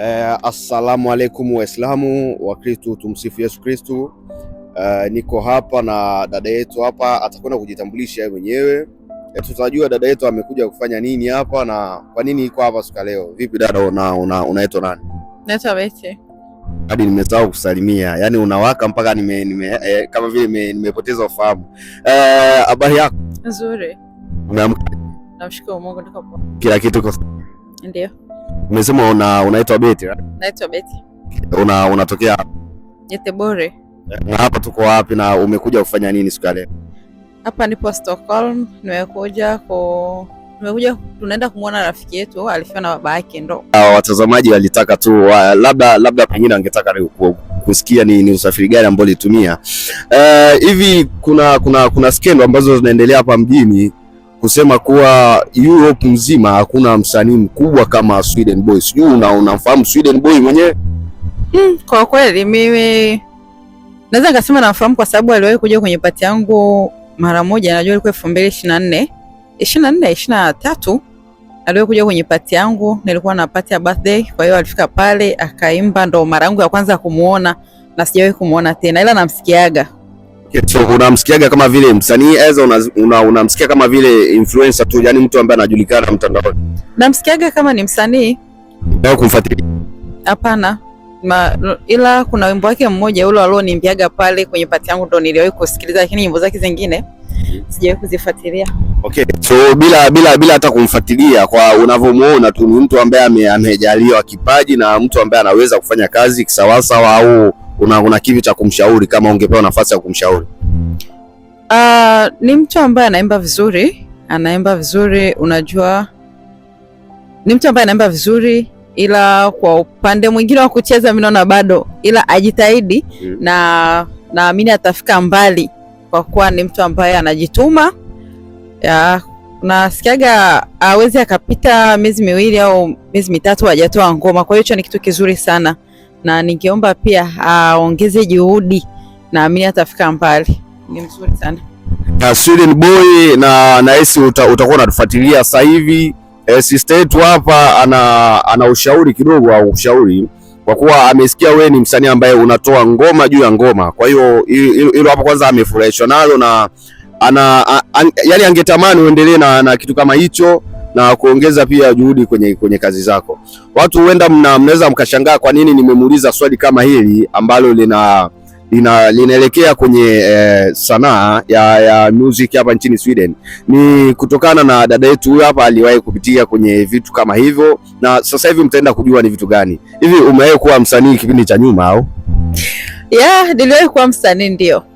Eh, assalamu alaikum Waislamu, Wakristu, tumsifu Yesu Kristu. Eh, niko hapa na dada yetu hapa, atakwenda kujitambulisha yeye mwenyewe eh, tutajua dada yetu amekuja kufanya nini hapa na kwa nini iko hapa siku leo. Vipi dada, unaitwa nani? Naitwa Bete. Hadi nimesahau kusalimia, yaani unawaka mpaka nime, nime, eh, kama vile nimepoteza ufahamu. Eh, habari eh, yako? Nzuri. Umeamka? Namshukuru Mungu, kila kitu kwa... ndio Umesema una unaitwa Beti? Naitwa Beti. Una unatokea hapa? Göteborg. Na hapa tuko wapi na umekuja kufanya nini siku ya leo? Hapa nipo Stockholm, nimekuja ku nimekuja tunaenda kumwona rafiki yetu alifiwa na baba yake. Ndo ah, watazamaji walitaka tu wa, labda labda pengine wangetaka kusikia ni, ni usafiri gani ambao litumia eh, hivi. Uh, kuna kuna kuna skendo ambazo zinaendelea hapa mjini kusema kuwa Europe mzima hakuna msanii mkubwa kama Sweden Boy. Sijui unamfahamu Sweden Boy mwenyewe? Hmm, kwa kweli mimi naweza nikasema namfahamu kwa sababu aliwahi kuja kwenye pati yangu mara moja, najua ilikuwa elfu mbili ishirini na nne ishirini na nne ishirini na tatu aliwahi kuja kwenye pati yangu, nilikuwa na pati ya birthday, kwa hiyo alifika pale akaimba, ndo mara yangu ya kwanza kumuona na sijawahi kumuona tena, ila namsikiaga So unamsikiaga kama vile msanii aza unamsikia una, una kama vile influencer tu, yani mtu ambaye anajulikana mtandaoni. Namsikiaga kama ni msanii na kumfuatilia? Hapana. Ma, ila kuna wimbo wake mmoja ule alionimbiaga pale kwenye pati yangu ndo niliwahi kusikiliza, lakini nyimbo zake zingine sijawahi kuzifuatilia. Okay, so bila bila bila hata kumfuatilia kwa unavyomuona tu, ni mtu ambaye amejaliwa kipaji na mtu ambaye anaweza kufanya kazi kisawasawa, au una, una kivi cha kumshauri kama ungepewa nafasi ya kumshauri? Uh, ni mtu ambaye anaimba vizuri, anaimba vizuri, unajua ni mtu ambaye anaimba vizuri, ila kwa upande mwingine wa kucheza mimi naona bado, ila ajitahidi mm, na naamini atafika mbali kwa kuwa ni mtu ambaye anajituma ya, nasikiaga awezi ah, akapita miezi miwili au miezi mitatu hajatoa ngoma. Kwa hiyo hicho ni kitu kizuri sana, na ningeomba pia aongeze juhudi, naamini atafika mbali. Ni mzuri sana na Sweden Boy na na uta, utakuwa unatufuatilia sasa hivi. Eh, sister yetu hapa ana, ana ushauri kidogo au ushauri kwa kuwa amesikia wewe ni msanii ambaye unatoa ngoma juu ya ngoma. Kwa hiyo hilo hapo kwanza amefurahishwa nalo na ana, an, yani angetamani uendelee na, na kitu kama hicho na kuongeza pia juhudi kwenye, kwenye kazi zako. Watu huenda mnaweza mkashangaa kwa nini nimemuuliza swali kama hili ambalo lina linaelekea kwenye eh, sanaa ya, ya music hapa nchini Sweden. Ni kutokana na dada yetu huyu hapa aliwahi kupitia kwenye vitu kama hivyo, na sasa hivi mtaenda kujua ni vitu gani hivi. Umewahi kuwa msanii kipindi cha nyuma au? Yeah, niliwahi kuwa msanii ndio.